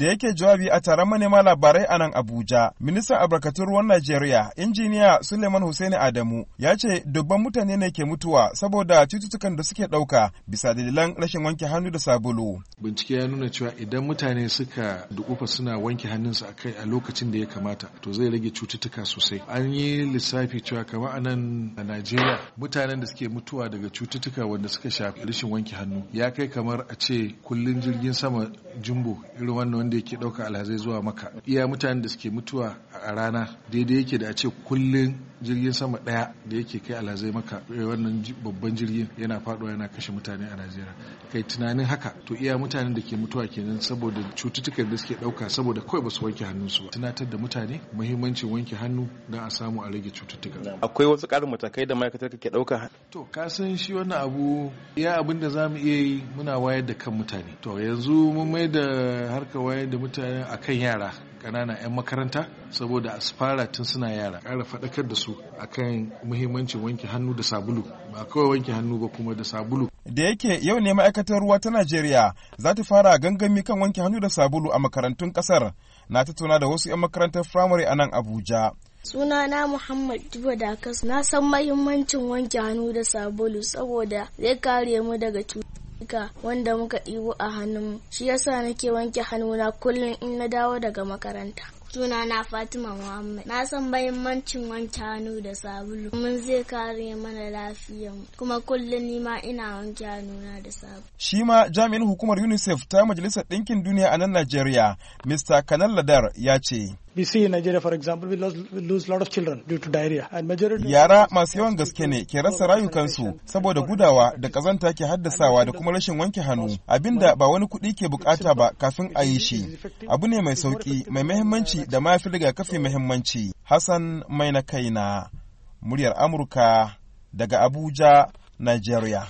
da yake jawabi a taron manema labarai a nan Abuja, ministan albarkatun ruwan Najeriya, injiniya Suleiman Hussein Adamu, ya ce dubban mutane ne ke mutuwa saboda cututtukan da suke ɗauka bisa dalilan rashin wanke hannu da sabulu. Bincike ya nuna cewa idan mutane suka dukufa suna wanke hannunsu a kai a lokacin da ya kamata, to zai rage cututtuka sosai. An yi lissafi cewa kamar a nan a Najeriya mutanen da suke mutuwa daga cututtuka wanda suka shafi rashin wanke hannu ya kai kamar a ce kullum jirgin sama jumbo irin wannan wanda yake ɗauka alhazai zuwa maka iya mutanen da suke mutuwa a rana daidai yake da a ce kullum jirgin sama ɗaya da yake kai alhazai maka eh, wannan babban jirgin yana faduwa yana kashe mutane a najeriya kai tunanin haka to iya mutanen da ke mutuwa kenan saboda cututtukan da suke dauka saboda kawai ba su wanke su ba tunatar da mutane muhimmancin wanke hannu don a samu a rage cututtuka akwai wasu karin matakai da ma'aikatar ke ɗauka to ka san shi wannan abu iya abin da za mu iya yi muna wayar da kan mutane to yanzu mun mai da harkar wayar da mutane akan yara ƙanana 'yan makaranta saboda saboda su tun suna yara ƙara faɗakar da su akan muhimmancin wanke hannu da sabulu ba kawai wanke hannu ba kuma da sabulu da yake yau ne ma'aikatar ruwa ta Najeriya za ta fara gangami kan wanke hannu da sabulu a makarantun kasar na tattauna da wasu 'yan makarantar firamare a nan Abuja. suna na Muhammad Jibo Dakas na san mahimmancin wanke hannu da sabulu saboda zai kare mu daga cutuka wanda muka ɗibo a mu shi yasa nake wanke hannu na kullum in na dawo daga makaranta. Suna na Fatima Muhammad. Na san mahimmancin wanke hannu da sabulu. Mun zai kare mana lafiyar kuma kullum ni ma ina wanke na da sabulu. Shi ma jami'in hukumar UNICEF ta Majalisar Ɗinkin Duniya a nan Najeriya, Mr. Kanal Ladar ya ce. We see Yara masu yawan gaske ne ke rasa rayukansu saboda gudawa da kazanta ke haddasawa da kuma rashin wanke hannu, abinda ba wani kuɗi ke bukata ba kafin a yi shi. Abu ne mai sauƙi mai mahimmanci da mafi rigakafi muhimmanci. Hassan mai na kaina, muryar Amurka daga Abuja, Nigeria.